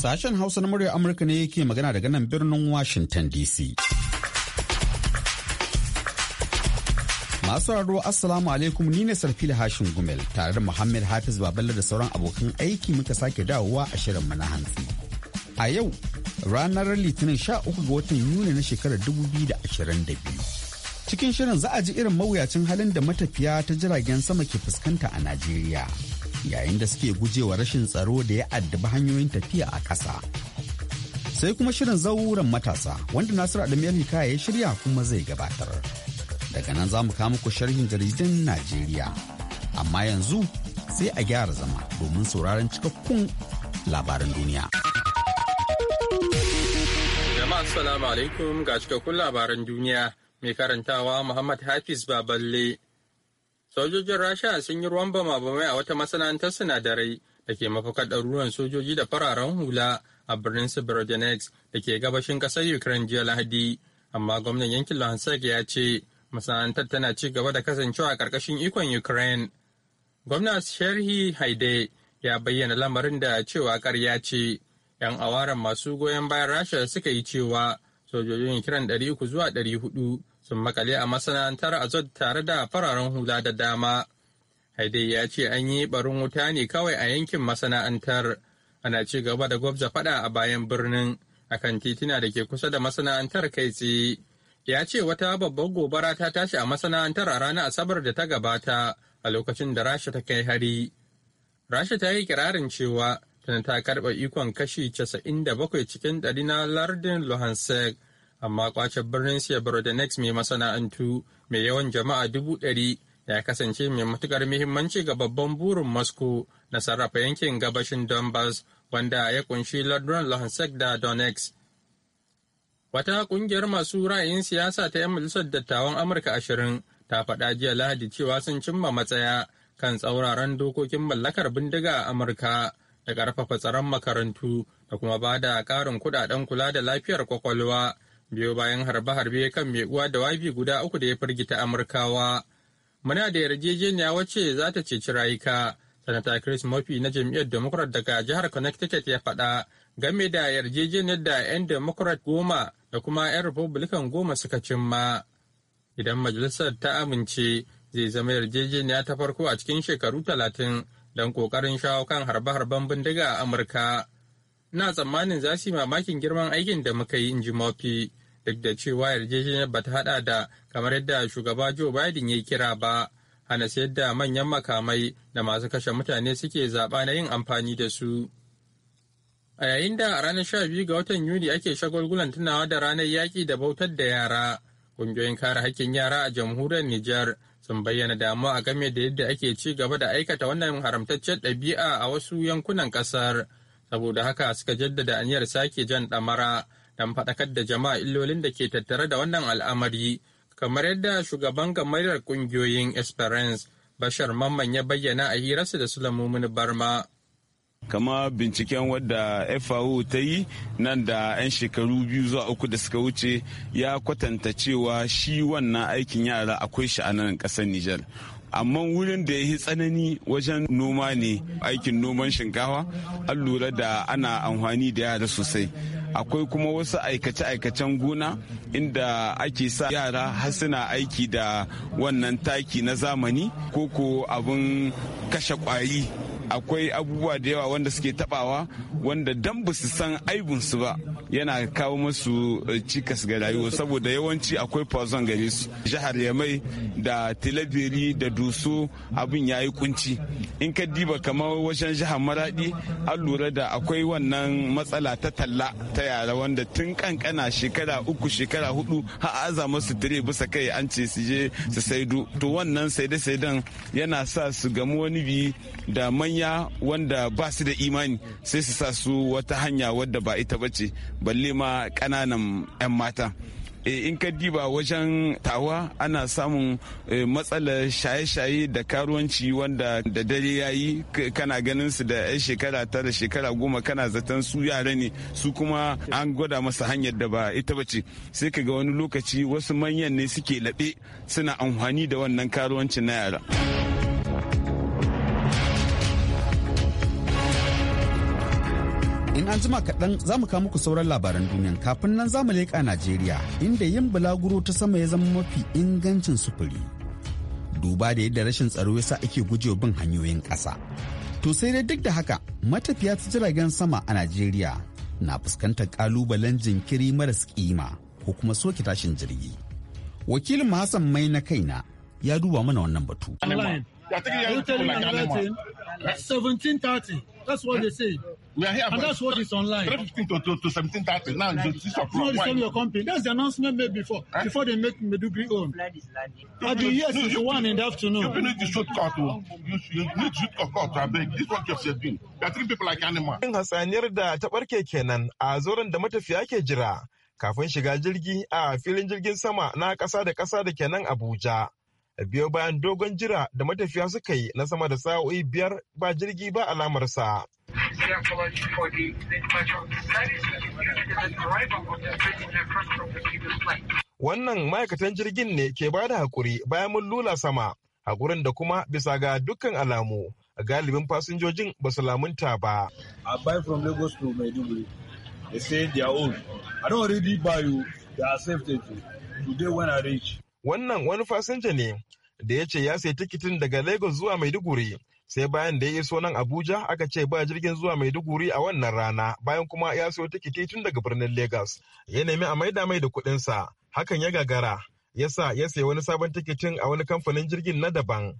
Sashen Hausa na murya Amurka ne yake magana daga nan birnin Washington DC. Masu raro Assalamu alaikum ni ne Sarfila Hashin Gumel tare da Muhammad Hafiz Baballe da sauran abokan aiki muka sake dawowa a shirin mana hantsi. A yau ranar Litinin 13 ga watan Yuni na shekarar 2022. cikin shirin za a ji irin mawuyacin halin da matafiya ta jiragen sama ke fuskanta a Najeriya. yayin da suke guje wa rashin tsaro da ya addabi hanyoyin tafiya a ƙasa. Sai kuma shirin zauren matasa wanda Nasiru Adamu ya Hika ya shirya kuma zai gabatar. Daga nan za mu kawo muku sharhin jaridun Najeriya. Amma yanzu sai a gyara zama domin sauraron cikakkun labaran duniya. Jama'a assalamu alaikum ga cikakkun labaran duniya mai karantawa Muhammad Hafiz Baballe. Sojojin Rasha sun yi ruwan bama-bamai a wata masana'antar sinadarai da ke mafakar ɗaruruwan sojoji da fararen hula a birnin sibirodenex da ke gabashin ƙasar Ukraine jiya Lahadi. Amma gwamnan yankin Luhansk ya ce masana'antar tana ci gaba da kasancewa a ƙarƙashin ikon Ukraine. Gwamna Sherhi Haide ya bayyana lamarin da cewa ƙarya ce. 'Yan awaran masu goyon bayan Rasha suka yi cewa sojojin Ukraine uku zuwa ɗari hudu. sun makale a masana'antar azod tare da fararen hula da dama. Haidai ya ce an yi barin wuta ne kawai a yankin masana'antar. Ana ci gaba da gwabza fada a bayan birnin akan titina da ke kusa da masana'antar kai tsaye. Ya ce wata babbar gobara ta tashi a masana'antar a ranar Asabar da ta gabata a lokacin da Rasha ta kai hari. Rasha ta yi kirarin cewa tana ta karɓa ikon kashi 97 cikin ɗari na lardin Luhansk amma kwace birnin next mai masana'antu mai yawan jama'a dubu ɗari ya kasance mai matukar muhimmanci ga babban burin Moscow na sarrafa yankin gabashin Donbass wanda ya kunshi Lardun Luhansk da Donetsk. Wata kungiyar masu ra'ayin siyasa ta 'yan majalisar dattawan Amurka ashirin ta faɗa jiya Lahadi cewa sun cimma matsaya kan tsauraran dokokin mallakar bindiga a Amurka da ƙarfafa tsaron makarantu da kuma bada da ƙarin kuɗaɗen kula da lafiyar kwakwalwa biyo bayan harbe-harbe kan mai uwa da wabi guda uku da ya firgita amurkawa muna da yarjejeniya wacce za ta ceci rayuka sanata chris murphy na jam'iyyar democrat daga jihar connecticut ya faɗa game da yarjejeniyar da 'yan democrat goma da kuma 'yan republican goma suka cimma idan majalisar ta amince zai zama yarjejeniya ta farko a cikin shekaru talatin don kokarin shawo kan harbe-harben bindiga a amurka ina tsammanin za su yi mamakin girman aikin da muka yi in ji Murphy duk da cewa yarjejeniyar ba ta hada da kamar yadda shugaba Joe Biden ya kira ba, hana sayar da manyan makamai da masu kashe mutane suke zaɓa na yin amfani da su. A yayin da a ranar 12 ga watan Yuni ake shagulgulan tunawa da ranar yaƙi da bautar da yara, ƙungiyoyin kare haƙƙin yara a jamhuriyar Nijar sun bayyana damuwa a game da yadda ake ci gaba da aikata wannan haramtaccen ɗabi'a a wasu yankunan ƙasar. Saboda haka suka jaddada aniyar sake jan ɗamara don faɗakar da jama'a illolin da ke tattare da wannan al'amari kamar yadda shugaban gamayyar ƙungiyoyin esperance bashar mamman ya bayyana a hirarsa da sulamumin barma kama binciken wadda fao ta yi nan da 'yan shekaru biyu zuwa uku da suka wuce ya kwatanta cewa shi wannan aikin yara akwai shi a nan ƙasar nijar amma wurin da ya yi tsanani wajen noma ne aikin noman shinkawa an lura da ana amfani da yara sosai akwai kuma wasu aikace-aikacen gona inda ake sa yara har suna aiki da wannan taki na zamani ko ko abin kashe kwari akwai abubuwa da yawa wanda suke tabawa wanda dan ba su san su ba yana kawo masu eh, cikas ga rayuwa saboda yawanci akwai poison gare su jihar yamai da tilabiri da dusu abin ya yi kunci in ka diba kamar wajen jihar maradi an lura da akwai wannan matsala ta talla ta yara wanda tun kankana shekara uku shekara hudu har aza musu tire bisa kai an ce su je su saidu to wannan saide-saiden yana sa su gamu wani bi da manyan hanya wanda ba su da imani sai su sa su wata hanya wadda ba ita bace balle ma ƙananan 'yan mata eh, in ka diba wajen tawa ana samun eh, matsalar shaye-shaye da karuwanci wanda da dare ya yi kana ganin su da 'yan shekara tara shekara goma kana zaton su yara ne su kuma an gwada masa hanyar da ba ita bace sai ka ga wani lokaci wasu manyan ne suke laɓe suna amfani da wannan karuwanci na yara. in an jima kaɗan za mu kawo muku sauran labaran duniya kafin nan za mu leƙa najeriya inda yin bulaguro ta sama ya zama mafi ingancin sufuri duba da yadda rashin tsaro ya sa ake gujewa bin hanyoyin ƙasa to sai dai duk da haka matafiya ta jiragen sama a najeriya na fuskantar ƙalubalen jinkiri maras kima ko kuma soke tashin jirgi wakilin hassan mai na kaina ya duba mana wannan batu. They're taking young people like animals. Right? 1730. That's what they say. We are here and that's what is online. 315 to, to, to 1730. Now, the, this your company. That's the announcement made before. Eh? Before they make Medugri own. At be yes, it's one in the afternoon. You need to shoot court. Oh. You, you need to shoot court. I beg. This people like animals. Yin hasaniyar da ta barke kenan a zoron da matafiya ke jira kafin shiga jirgi a filin jirgin sama na ƙasa da ƙasa da kenan Abuja. biyo bayan dogon jira da matafiya suka yi na sama da sa'o'i biyar ba jirgi ba alamarsa. Wannan ma'aikatan jirgin ne ke bada da haƙuri bayan mun lula sama, haƙurin da kuma bisa ga dukkan alamu galibin fasinjojin ba su lamunta ba. I buy from Lagos to Maiduguri. They say they are old. I don't already buy you. They are safe today when I reach. wannan wani fasinja ne da ya ce ya sayi tikitin daga lagos zuwa maiduguri sai bayan da ya iso nan abuja aka ce ba jirgin zuwa maiduguri a wannan rana bayan kuma ya sayo tikiti tun daga birnin lagos ya nemi a maida mai da kuɗinsa hakan ya gagara yasa ya sayi wani sabon tikitin a wani kamfanin jirgin na daban.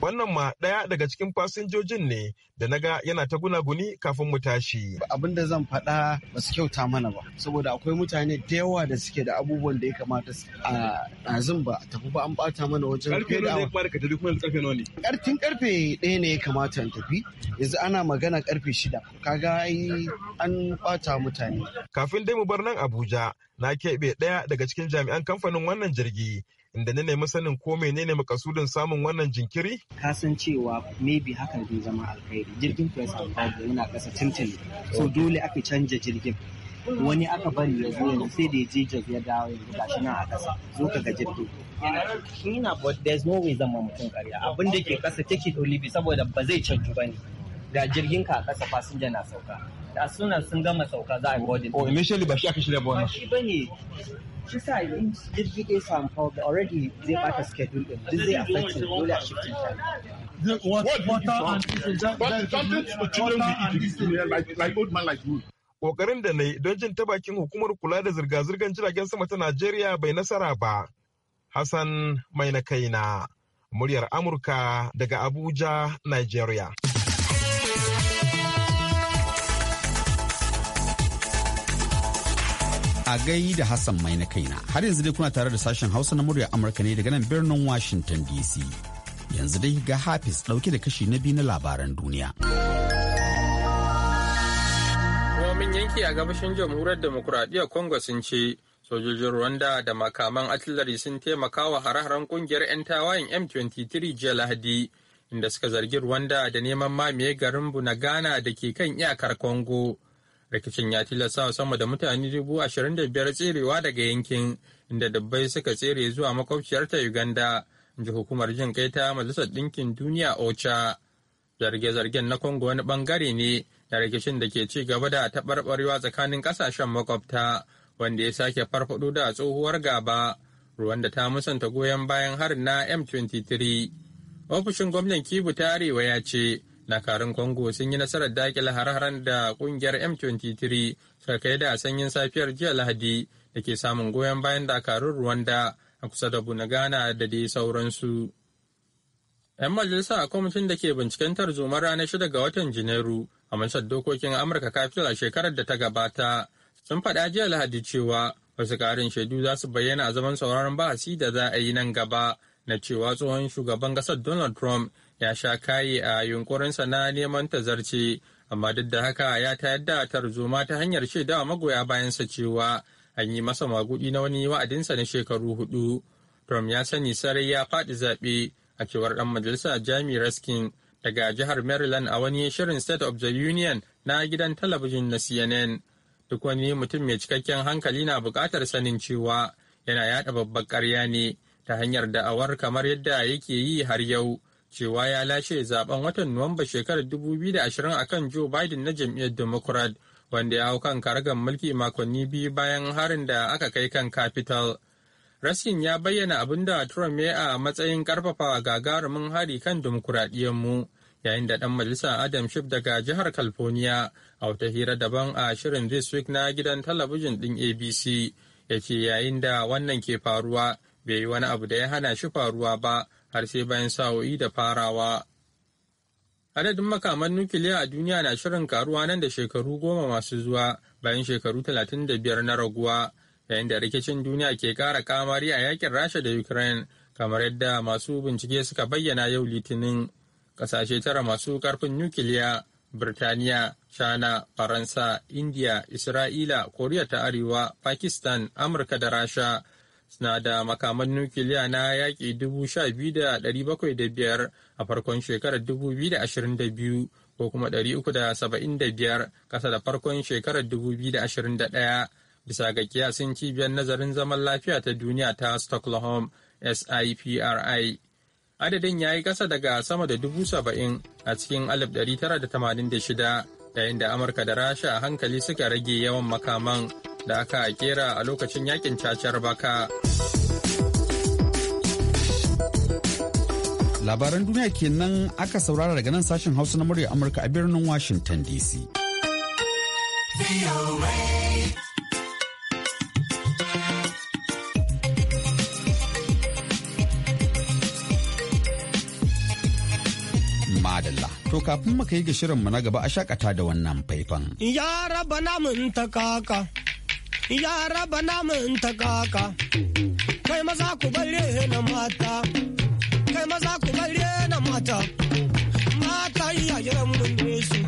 Wannan ma ɗaya daga cikin fasinjojin ne da na ga yana ta gunaguni kafin mu tashi. Abin da zan faɗa ba su kyauta mana ba, saboda akwai mutane da yawa da suke da abubuwan da ya kamata a ɗazin ba a tafi ba an ɓata mana wajen fiye da awa. Karfin karfe ɗaya ne ya kamata in tafi, yanzu ana magana karfe shida, kaga yi an ɓata mutane. Kafin dai mu bar birnin Abuja na keɓe ɗaya daga cikin jami'an kamfanin wannan jirgi inda na nemi sanin ko menene makasudin samun wannan jinkiri? Kasan cewa maybe hakan zai zama alkhairi jirgin Press Zimbabwe yana ƙasa tuntuni so dole aka canja jirgin. Wani aka bari ya zo yanzu sai da ya je jirgin ya dawo yanzu shi nan a ƙasa zo ka ga jirgin. Yana but there's no way zama mutum karya abin da ke kasa take bi saboda ba zai canju ba ne. Ga jirgin ka a ƙasa fasinja na sauka. as soon as sun gama sauka za a yi boarding oh initially ba shi aka shirya ba Shi ba ne. shi sa in jirgi ɗaya samu kawai already zai bata schedule ɗin duk zai affect him dole a shifting time The Kokarin da na yi don jin ta bakin hukumar kula da zirga-zirgar jiragen sama ta Najeriya bai nasara ba. Hassan mai na kaina, muryar Amurka daga Abuja, Nigeria. a gai da Hassan mai na kaina. Har yanzu dai kuna tare da sashen Hausa na murya Amurka ne daga nan birnin Washington DC. Yanzu dai ga Hafiz ɗauke da kashi na biyu na labaran duniya. Komin yanki a gabashin jamhuriyar demokuraɗiyyar Congo sun ce sojojin Rwanda da makaman artillery sun taimaka wa hare-haren kungiyar 'yan tawayen M23 jiya Lahadi inda suka zargi Rwanda da neman mamaye garin Bunagana da ke kan iyakar Congo. rikicin ya tilasta sama da mutane dubu ashirin da biyar tserewa daga yankin inda dabbai suka tsere zuwa makwabciyar ta uganda ji hukumar jin kai ta majalisar ɗinkin duniya ocha zarge-zargen na congo wani bangare ne na rikicin da ke ci gaba da taɓarɓarewa tsakanin ƙasashen makwabta wanda ya sake farfaɗo da tsohuwar gaba ruwan da ta musanta goyon bayan harin na m23 ofishin gwamnan kibu ta arewa ya ce dakarun congo sun yi nasarar dakile har-haren da kungiyar m23 suka kai da sanyin safiyar jiya lahadi da ke samun goyon bayan dakarun rwanda a kusa da bunagana da dai sauransu yan majalisa a kwamitin da ke binciken tarzoma ranar shida ga watan janairu a majalisar dokokin amurka capital a shekarar da ta gabata sun faɗa jiya lahadi cewa wasu karin shaidu za su bayyana a zaman sauraron bahasi da za a yi nan gaba na cewa tsohon shugaban ƙasar Donald Trump ya sha kaye a yunkurinsa na neman tazarci, amma duk da haka ya tayar da tarzoma ta hanyar shaidawa magoya bayansa cewa an yi masa magudi na wani wa'adinsa na shekaru hudu. Trump ya sani sarai ya faɗi zaɓe a cewar ɗan majalisa Jamie Raskin daga jihar Maryland a wani shirin State of the Union na gidan talabijin na CNN. Duk wani mutum mai cikakken hankali na buƙatar sanin cewa yana yaɗa babbar ƙarya ne ta hanyar da'awar kamar yadda yake yi har yau cewa ya lashe zaben watan Nuwamba shekarar 2020 akan Joe Biden na jam'iyyar Democrat wanda ya hau kan karagar mulki makonni biyu bayan harin da aka kai kan capital Raskin ya bayyana abin da Trump ya a matsayin karfafa gagarumin hari kan mu yayin da ɗan majalisa Adam Schiff daga jihar California a wata hira daban a shirin This Week na gidan talabijin ɗin ABC ya ce yayin da wannan ke faruwa bai yi wani abu da ya hana shi faruwa ba har sai bayan sa'o'i da farawa. Adadin makaman nukiliya a duniya na shirin karuwa nan da shekaru goma masu zuwa bayan shekaru talatin da biyar na raguwa, yayin da rikicin duniya ke ƙara kamari a yakin Rasha da Ukraine, kamar yadda masu bincike suka bayyana yau Litinin. Ƙasashe tara masu karfin nukiliya, Birtaniya, China, Faransa, India, Isra'ila, Koriya ta Arewa, Pakistan, Amurka da Rasha suna da makaman nukiliya na yaƙi 12,705 a farkon shekarar 2022 ko kuma 375 ƙasa da farkon shekarar 2021 bisa ga kiyasin cibiyar nazarin zaman lafiya ta duniya ta stockholm sipri adadin ya yi ƙasa daga sama da 70,000 a cikin alif tara 1986 yayin da amurka da rasha a hankali suka rage yawan makaman da aka kera a lokacin yakin cacar baka. Labaran duniya kenan aka saurara daga nan sashen Hausa na murya Amurka a birnin Washington DC. Madalla. To kafin muka yi ga shirinmu na gaba a shakata da wannan faifan. Ya raba namun ta kaka. ya raba namun ta kaka kai maza ku bare na mata kai maza ku bare na mata mata iyayen mun ne su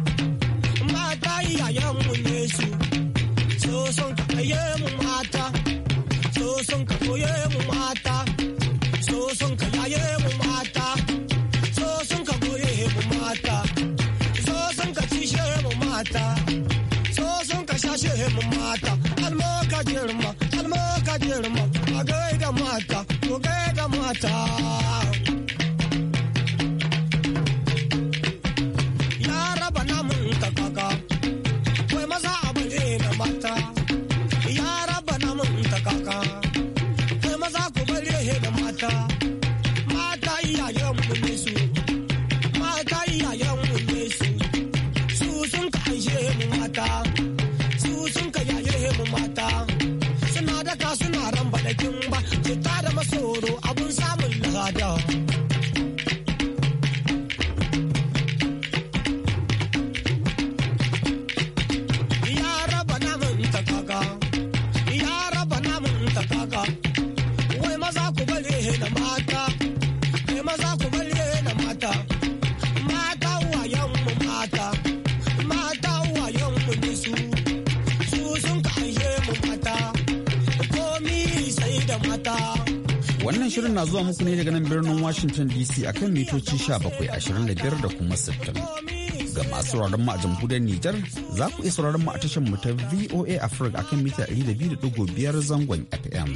Wannan shirin na zuwa muku ne daga nan birnin Washington DC akan mitoci 1725 da kuma 60. Ga masu sauraron mu a jamhuriyar Nijar za ku iya sauraron mu a tashar mu ta VOA Africa akan mita 200.5 zangon FM.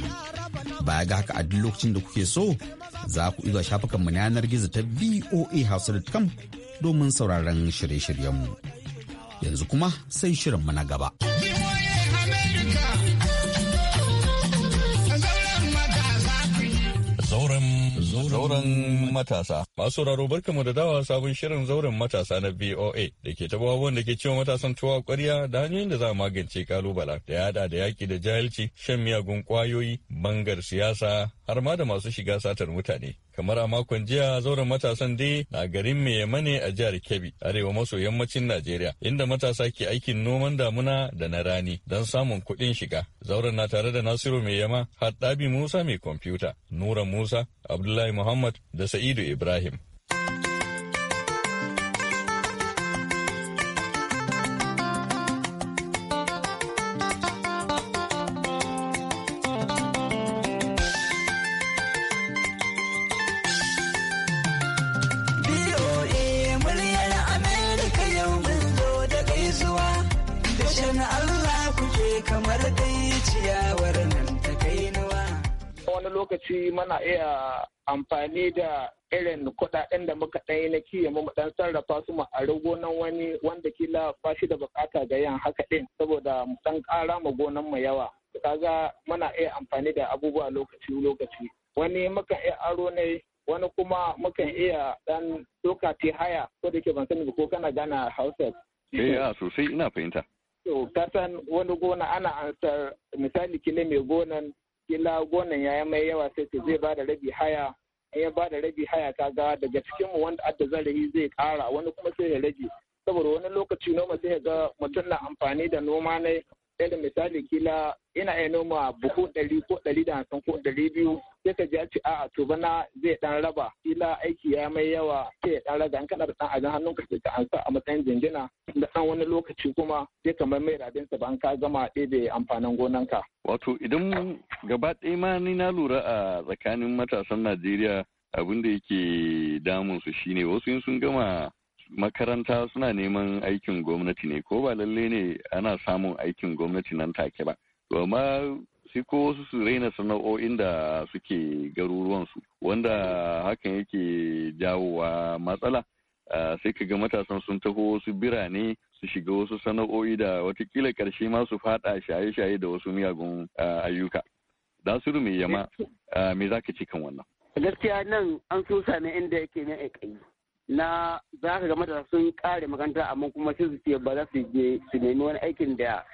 Baya ga haka a duk lokacin da kuke so za ku iya shafukan mu na yanar gizo ta voahausa.com domin sauraron shirye-shiryen mu. Yanzu kuma sai shirin mu na gaba. zauren matasa. Masu raro mu da dawa sabon shirin zauren matasa na VOA da ke taba wanda ke cewa matasan tuwa kwarya da hanyoyin da za a magance kalubala da yada da yaki da jahilci, shan miyagun kwayoyi, bangar siyasa har ma da masu shiga satar mutane. kamar a makon jiya zauren matasan dai na garin mai ne a jihar kebbi arewa maso yammacin najeriya inda matasa ke aikin noman damuna da na rani don samun kuɗin shiga zauren na tare da nasiru mai yama haddabi musa mai kwamfuta nura musa abdullahi muhammad da sa'idu ibrahim kamar dai ciyawar nan ta kai nawa. Wani lokaci mana iya amfani da irin kuɗaɗen da muka ɗaya na kiyaye mu ɗan sarrafa su mu a gonan wani wanda kila ba shi da bukata ga yin haka ɗin saboda mu ɗan ƙara ma gonan mu yawa kaga muna iya amfani da abubuwa lokaci lokaci wani muka iya aro ne wani kuma mukan iya dan doka haya ko da ke ban sani ko kana gana hausa eh sosai ina fahimta to kasan wani gona ana ansar misali kila mai gonan kila gonan ya mai yawa sai ta zai ba da rabi haya in ya ba rabi haya ka ga daga cikin mu wanda adda zarafi zai kara wani kuma sai ya rage saboda wani lokaci noma sai ga mutum na amfani da noma ne da misali kila ina iya noma buhu ɗari ko ɗari da hamsin ko ɗari biyu sai ka ji ci a'a to bana zai dan raba kila aiki ya mai yawa sai ya dan raga in kana da dan ajin hannun ka sai ka ansa a matsayin jinjina da dan wani lokaci kuma sai kamar mai rabin sa ban ka gama ɗebe amfanin gonanka wato idan gaba ɗaya ma na lura a tsakanin matasan Najeriya abin da yake damun su shine wasu sun gama makaranta suna neman aikin gwamnati ne ko ba lalle ne ana samun aikin gwamnati nan take ba sai ko wasu su raina sana'o'in da suke garuruwansu wanda hakan yake jawowa matsala sai ka ga matasan sun taho wasu birane su shiga wasu sana'o'i da watakila karshe ma su fada shaye-shaye da wasu miyagun ayyuka dasiru mai yama me za ka ci kan wannan gaskiya nan an so ne inda yake na aikai na za ka ga da sun kare makaranta amma kuma sai su ce ba za su je su nemi wani aikin da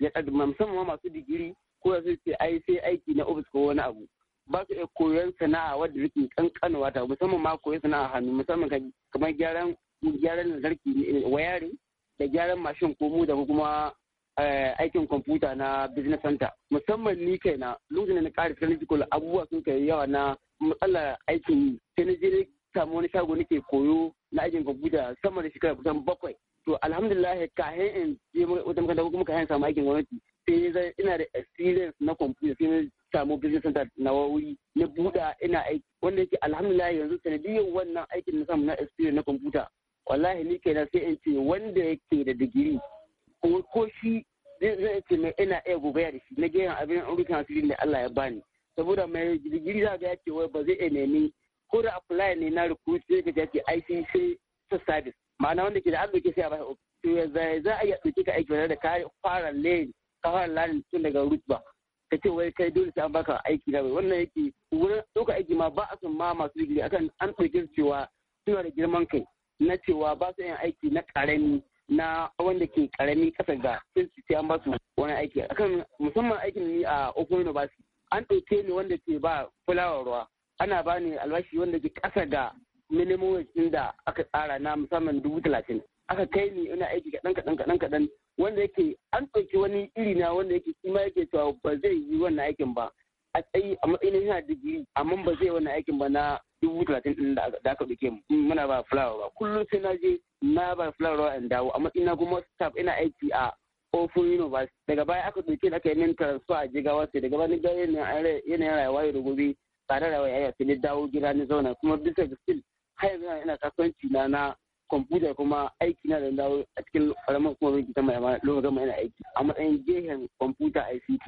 ya musamman masu digiri ko sai ce ai sai aiki na ofis ko wani abu ba su iya koyon sana'a wadda take kankanwa ta musamman ma koyon sana'a hannu musamman kamar gyaran gyaran lantarki wayarin da gyaran mashin ko mu da kuma eh, aikin kwamfuta na business center musamman ni kaina lokacin da na kare technical abubuwa sun kai yawa na matsalar aikin yi na samu wani shago nake koyo na aikin kwamfuta sama da shekara kusan bakwai to alhamdulillah kahin in je wata makaranta ko kuma kahin samu aikin gwamnati sai ina da experience na computer sai na samu business center na wuri na buɗa ina aiki wanda yake alhamdulillah yanzu sanadiyar wannan aikin na samu na experience na computer wallahi ni kenan sai in ce wanda yake da digiri ko shi zai ce mai ina iya gogaya da shi na gehen abin an asirin da Allah ya bani saboda mai digiri za ga ya ce wai ba zai iya nemi ko da apply ne na recruit sai ka ce icc sai service ma'ana wanda ke da arziki sai a ba shi za a iya ɗauki ka aiki da ka fara lane kawo lalin tun daga rutba ka ce wai kai dole sai an baka aiki bai wannan yake wurin ɗaukar aiki ma ba a son ma masu digiri akan an ɗauke su cewa suna da girman kai na cewa ba su yin aiki na ƙarami na wanda ke ƙarami ƙasa ga sun sai an ba su wani aiki akan musamman aikin ni a Open University an ɗauke ni wanda ke ba fulawar ruwa ana ba ni albashi wanda ke ƙasa ga minimum wage da aka tsara na musamman dubu talatin aka kai ni ina aiki kaɗan kaɗan kaɗan kaɗan wanda yake an ɗauki wani iri na wanda yake kima yake cewa ba zai yi wannan aikin ba a tsayi a matsayin yana digiri amma ba zai wannan aikin ba na dubu talatin ɗin da aka ɗauke mu muna ba fulawa ba kullum sai na je na ba fulawa in dawo a matsayin na kuma staff ina aiki a ofin university daga baya aka ɗauke da aka yi min transfer a jigawa sai daga ni ga yanayin rayuwa yau da gobe da rayuwa ya sai na dawo gida ni zauna kuma bisa ga still har yanzu ina kasuwanci na na kwamfuta kuma aiki na da dawo a cikin ƙaramin kuma zai ta mai lokacin gama yana aiki a matsayin gehen kwamfuta ICT.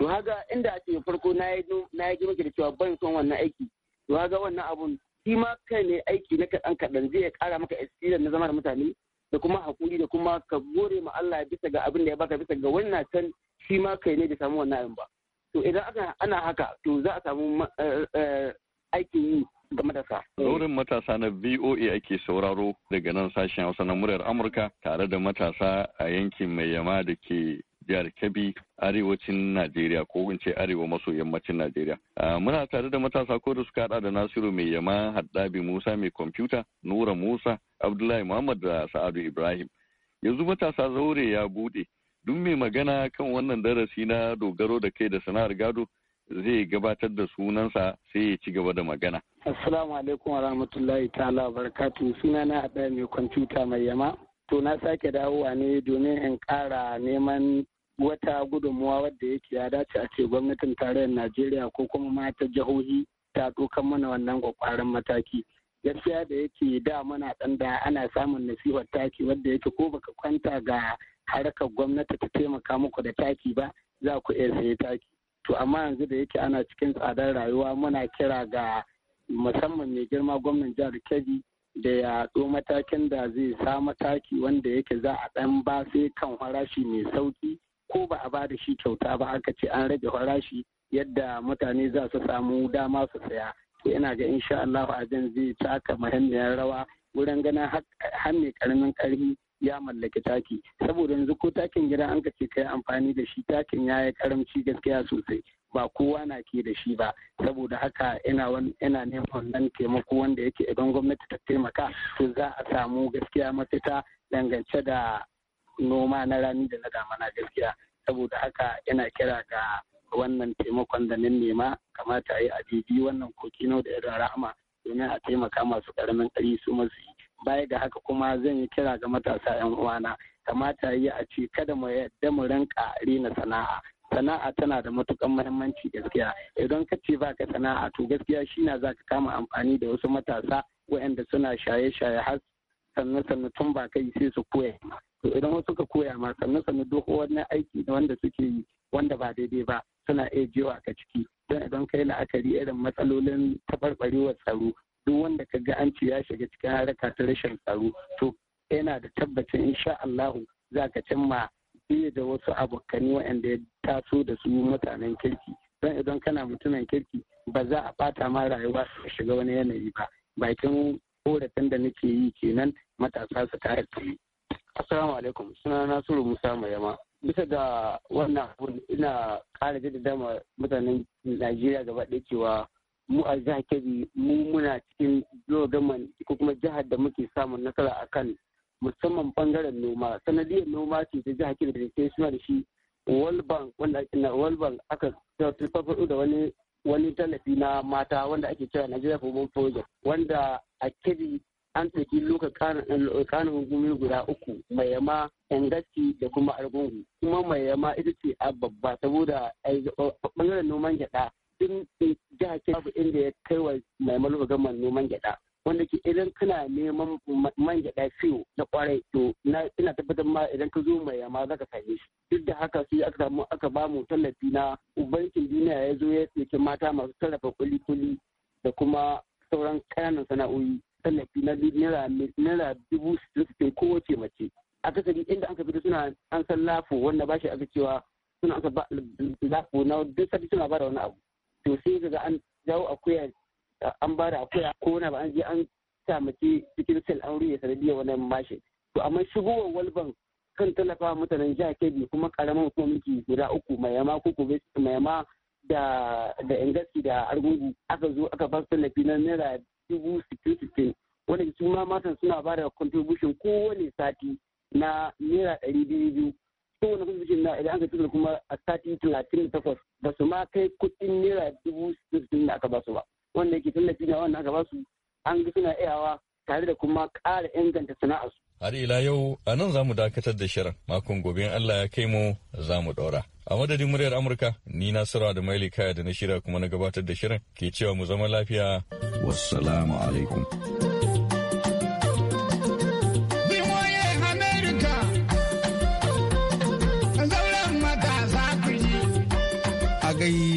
To haka inda a ce farko na yi ji da cewa ban son wannan aiki. To haka wannan abun shi ma kai ne aiki na kaɗan kaɗan zai ƙara maka experience na zama da mutane da kuma haƙuri da kuma ka gore ma Allah bisa ga abin da ya baka bisa ga wannan can shi ma kai ne da samu wannan abin ba. To idan ana haka to za a samu eh, eh, aikin yi ga matasa. Zaurin matasa na VOA ake sauraro daga nan sashen Hausa na muryar Amurka tare da matasa a yankin mai yama da ke jihar Kebbi arewacin Najeriya ko in ce arewa maso yammacin Najeriya. Muna tare da matasa ko da suka hada da Nasiru mai yama Haddabi Musa mai kwamfuta, Nura Musa, Abdullahi Muhammad da Sa'adu Ibrahim. Yanzu matasa zaure ya bude. dun mai magana kan wannan darasi na dogaro da kai da sana'ar gado zai gabatar da sunansa sai ya ci gaba da magana. Assalamu alaikum wa rahmatullahi ta'ala barakatu suna na haɗa mai kwamfuta mai yama. To na sake dawowa ne domin in ƙara neman wata gudunmuwa wadda yake ya dace a ce gwamnatin tarayyar Najeriya ko kuma mata jihohi ta ɗaukan mana wannan kwakwaran mataki. Gaskiya da yake da mana ɗan da ana samun nasihar taki wadda yake ko baka kwanta ga harkar gwamnati ta taimaka muku da taki ba za ku iya sayi taki. to amma yanzu da yake ana cikin tsadar rayuwa muna kira ga musamman mai girma gwamnan jihar kebbi da ya matakin da zai sa mataki wanda yake za a ɗan ba sai kan farashi mai sauƙi ko ba a ba da shi kyauta ba aka ce an rage farashi yadda mutane za su samu dama su saya to ina ga insha Allah abin zai taka muhimmiyar rawa wurin ganin har mai karamin karfi ya mallaki taki saboda yanzu ko takin gida an kace kai amfani da shi takin ya yi karamci gaskiya sosai ba kowa na ke da shi ba saboda haka ina neman wannan taimako wanda yake idan gwamnati ta taimaka to za a samu gaskiya mafita dangance da noma na rani da na damana gaskiya saboda haka ina kira ga wannan taimakon da nan nema kamata a yi a wannan koki da irin rahama domin a taimaka masu karamin ƙari su masu baya ga haka kuma zan yi kira ga matasa 'yan uwana kamata yi a ce kada mu yadda mu rinka rina sana'a sana'a tana da matukan muhimmanci gaskiya idan ka ce ba ka sana'a to gaskiya shi na za ka kama amfani da wasu matasa waɗanda suna shaye-shaye har sannu sannu tun ba kai sai su koya to idan wasu ka koya ma sannu sannu duk wani aiki da wanda suke yi wanda ba daidai ba suna iya jewa ka ciki don idan kai la'akari irin matsalolin tabarbarewar tsaro duk wanda ka ga an ce ya shiga cikin haraka ta rashin tsaro to yana da tabbacin insha Allahu za ka cimma biye da wasu abokani waɗanda ya taso da su mutanen kirki don idan kana mutumin kirki ba za a bata ma rayuwa su shiga wani yanayi ba bakin korafin da nake yi kenan matasa su tare tuni. Assalamu alaikum suna Nasiru Musa Mayama. Bisa da wannan abun ina ƙara jaddada mutanen Najeriya gaba ɗaya cewa mu a jihar kebbi mu muna cikin zogaman ko kuma jihar da muke samun nasara a kan musamman bangaren noma sanadiyar noma ce ta jihar kebbi da ke suna da shi world bank wanda ake na world bank aka da wani wani tallafi na mata wanda ake cewa Nigeria for Women Project wanda a kebbi an saki loka kanin gumi guda uku mai yama gaski da kuma argungu kuma mai yama ita ce a babba saboda bangaren noman gyaɗa din jihar babu inda ya kai wa mai maluka gaman neman gyada wanda ke idan kana neman man gyada fiyo na kwarai to ina tabbatar ma idan ka zo mai yamma za ka same shi duk da haka sai aka samu aka ba mu tallafi na bankin duniya ya zo ya tsaki mata masu tallafa kuli-kuli da kuma sauran kananan sana'o'i tallafi na naira dubu sittin kowace mace akasari inda aka fito suna an san lafo wanda ba shi aka cewa suna aka lafo na duk sati suna ba da wani abu to sai ga an jawo akuya an ba da akuya ko na ba an je an sa mace cikin sel an ruye sanadiyar wannan mashin to amma shigowar walban kan talafa mutanen jiha kebbi kuma karamin hukumomi guda uku mayama ko kuma mayama da da ingaski da argungu aka zo aka ba lafi na naira dubu sittin wanda su ma matan suna ba da contribution kowane sati na naira ɗari biyu kowane bikin na idan aka tura kuma a sati talatin da takwas ba su ma kai kuɗin naira dubu sittin da aka ba su ba wanda yake tallafi na wanda aka ba su an ga suna iyawa tare da kuma ƙara inganta su. Har ila yau a nan za mu dakatar da shirin makon gobe in Allah ya kai mu za mu ɗora. A madadin muryar Amurka ni na da Maili Kaya da na shirya kuma na gabatar da shirin ke cewa mu zama lafiya. Wassalamu alaikum.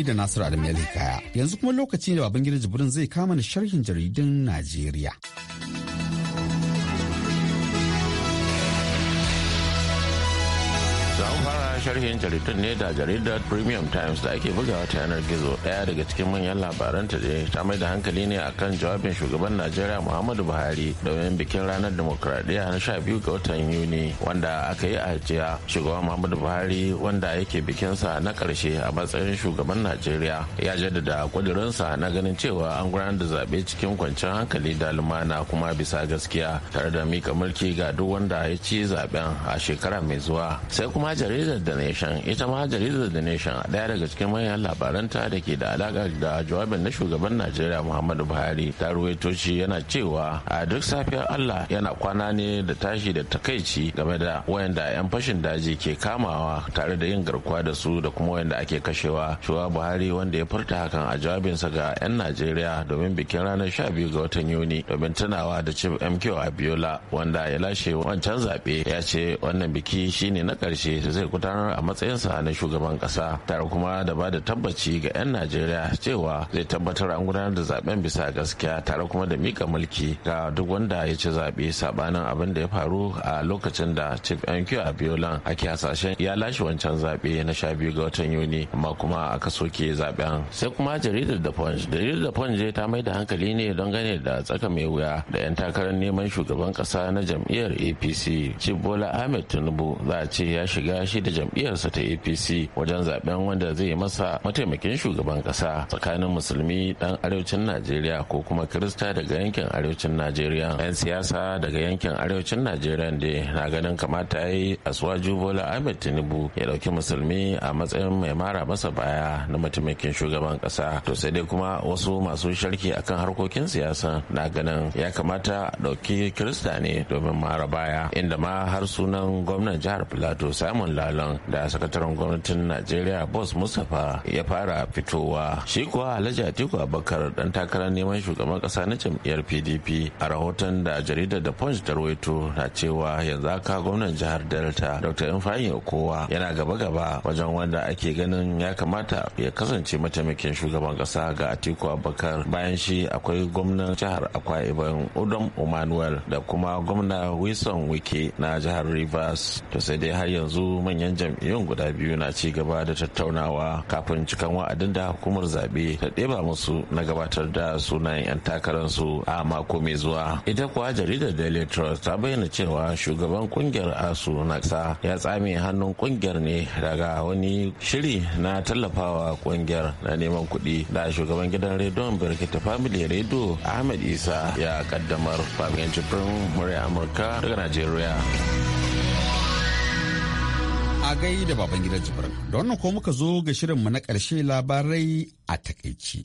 da Nasiru Adamu Hikaya. Yanzu kuma lokaci ne Babangida Jibrin zai kama da sharhin jaridun Najeriya. sharhin jaridar ne da jaridar premium times da ake bugawa ta yanar gizo daya daga cikin manyan labaran ta ta mai da hankali ne akan jawabin shugaban najeriya muhammadu buhari da wani bikin ranar demokradiyya na sha biyu ga watan yuni wanda aka yi ajiya shugaban muhammadu buhari wanda yake bikinsa na karshe a matsayin shugaban najeriya ya jaddada kudurinsa na ganin cewa an gudanar da zaɓe cikin kwanciyar hankali da lumana kuma bisa gaskiya tare da mika mulki ga duk wanda ya ci zaɓen a shekara mai zuwa sai kuma jaridar da na nation ita ma jaridar the nation daya daga cikin manyan labaranta da ke da alaka da jawabin na shugaban najeriya muhammadu buhari ta ruwaito yana cewa a duk safiyar allah yana kwana ne da tashi da takaici game da wayanda 'yan fashin daji ke kamawa tare da yin garkuwa da su da kuma wayanda ake kashewa shuwa buhari wanda ya furta hakan a jawabinsa ga 'yan najeriya domin bikin ranar sha biyu ga watan yuni domin tunawa da chief mq abiola wanda ya lashe wancan zaɓe ya ce wannan biki shine na ƙarshe zai gudanar a matsayinsa na shugaban kasa tare kuma da ba da tabbaci ga 'yan najeriya cewa zai tabbatar an gudanar da zaben bisa gaskiya tare kuma da mika mulki ga duk wanda ya ci zaɓe sabanin abin da ya faru a lokacin da chief nq abiola ake hasashen ya lashe wancan zaɓe na sha biyu ga watan yuni amma kuma aka soke zaben sai kuma jaridar da punch jaridar da punch ta mai da hankali ne don gane da tsaka mai wuya da 'yan takarar neman shugaban kasa na jam'iyyar apc chief bola ahmed tinubu za a ce ya shiga shi da jam'iyyar jam'iyyarsa ta apc wajen zaben wanda zai masa mataimakin shugaban kasa tsakanin musulmi dan arewacin najeriya ko kuma kirista daga yankin arewacin najeriya yan siyasa daga yankin arewacin najeriya da na ganin kamata ya yi bola ahmed tinubu ya dauki musulmi a matsayin mai mara masa baya na mataimakin shugaban kasa to sai dai kuma wasu masu sharki akan harkokin siyasa na ganin ya kamata dauki kirista ne domin mara baya inda ma har sunan gwamnan jihar plateau simon lalon da da sakataren gwamnatin najeriya boss mustapha ya fara fitowa shi kuwa alhaji atiku abakar dan takarar neman shugaban kasa na jam'iyyar pdp a rahoton da jaridar da punch da rawaito na cewa yanzu haka gwamnan jihar delta dr infayin kowa yana gaba-gaba wajen wanda ake ganin ya kamata ya kasance mataimakin shugaban kasa ga atiku abakar bayan shi akwai gwamnan jihar akwa ibom udom emmanuel da kuma gwamna wilson wike na jihar rivers to sai dai har yanzu manyan jam'iyyar jam'iyyun guda biyu na ci gaba da tattaunawa kafin cikan wa'adin da hukumar zaɓe ta ɗeba musu na gabatar da sunayen 'yan takararsu a mako mai zuwa ita kuwa jaridar daily trust ta bayyana cewa shugaban kungiyar asu na ƙasa ya tsame hannun kungiyar ne daga wani shiri na tallafawa kungiyar na neman kuɗi da shugaban gidan rediyon birkita family radio ahmed isa ya kaddamar fahimci firin murya amurka daga najeriya agai da baban gidan Jibrin. Da wannan ko muka zo ga shirinmu na ƙarshe labarai a takaici.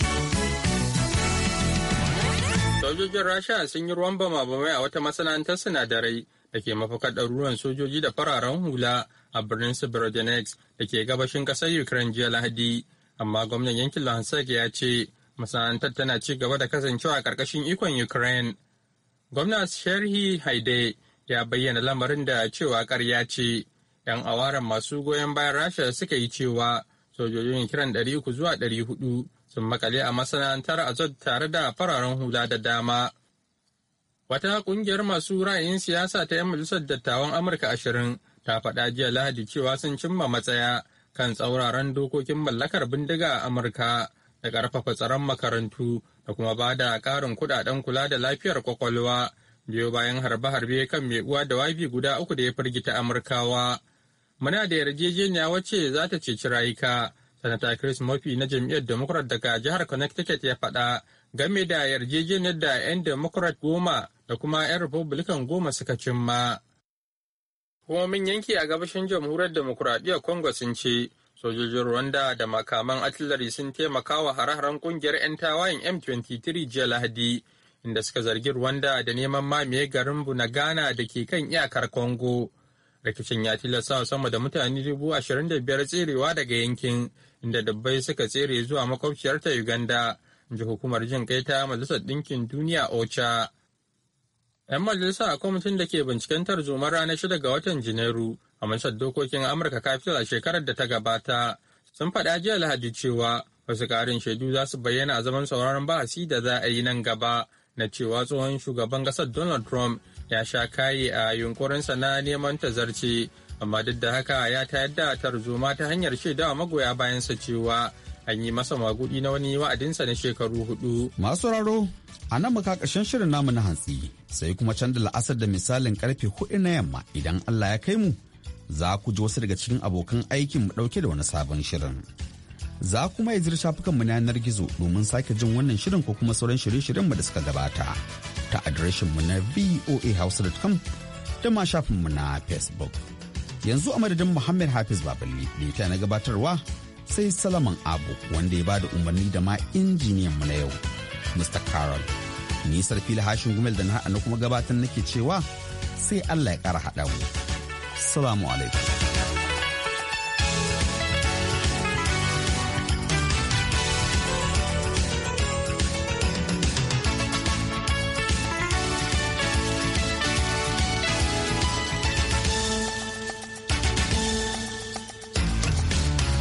Sojojin Rasha sun yi ruwan bama bamai a wata masana'antar sinadarai da ke mafakar ɗaruruwan sojoji da fararen hula a birnin Sibirodinex da ke gabashin ƙasar Ukraine jiya Lahadi. Amma gwamnan yankin Luhansk ya ce masana'antar tana ci gaba da kasancewa a ƙarƙashin ikon Ukraine. Gwamnan sharhi Haide ya bayyana lamarin da cewa ƙarya ce. 'yan awaren masu goyon bayan rasha suka yi cewa sojojin kiran 300 zuwa 400 sun makale a masana'antar azot tare da fararen hula da dama wata kungiyar masu ra'ayin siyasa ta 'yan majalisar dattawan amurka ashirin ta faɗa jiya lahadi cewa sun cimma matsaya kan tsauraran dokokin mallakar bindiga a amurka da ƙarfafa tsaron makarantu da kuma ba da ƙarin kuɗaɗen kula da lafiyar kwakwalwa biyo bayan harbe-harbe kan mai uwa da wabi guda uku da ya firgita amurkawa muna da yarjejeniya wace za ta ceci rayuka sanata chris murphy na jam'iyyar democrat daga jihar connecticut ya faɗa game da yarjejeniyar da 'yan democrat goma da kuma 'yan republican goma suka cimma kuma min yanki a gabashin jamhuriyar demokuraɗiyyar congo sun ce sojojin rwanda da makaman artillery sun taimaka wa hare-haren kungiyar 'yan tawayen m23 jiya lahadi inda suka zargi rwanda da neman mamaye garin bunagana da ke kan iyakar congo rikicin ya tilasta sama da mutane dubu ashirin da biyar tserewa daga yankin inda dabbai suka tsere zuwa makwabciyar ta uganda ji hukumar jin kai ta majalisar ɗinkin duniya ocha yan majalisa a kwamitin da ke binciken tarzoma ranar shida ga watan janairu a majalisar dokokin amurka capital a shekarar da ta gabata sun faɗa jiya lahadi cewa wasu ƙarin shaidu za su bayyana a zaman sauraron bahasi da za a yi nan gaba na cewa tsohon shugaban ƙasar donald trump ya sha kayi a yunkurinsa na neman tazarci amma duk da haka ya tayar da tarzoma ta hanyar shaidawa magoya bayan sa cewa an yi masa magudi na wani wa'adinsa na shekaru hudu. Masu raro, a nan muka ƙarshen shirin namu na hantsi sai kuma canza la'asar da misalin karfe hudu na yamma idan Allah ya kai mu za ku ji wasu daga cikin abokan aikin mu ɗauke da wani sabon shirin. Za kuma yi zira shafukan mu na yanar gizo domin sake jin wannan shirin ko kuma sauran shirye-shiryen mu da suka gabata. ta adireshinmu na voahouse.com da ma shafinmu na facebook yanzu a madadin muhammad hafiz baballe da na gabatarwa sai salaman abu wanda ya bada umarni da ma injiniyan mu na yau mr carol ni sarfi hashin gumel da na haɗa kuma gabatar nake cewa sai allah ya ƙara haɗa mu salamu alaikum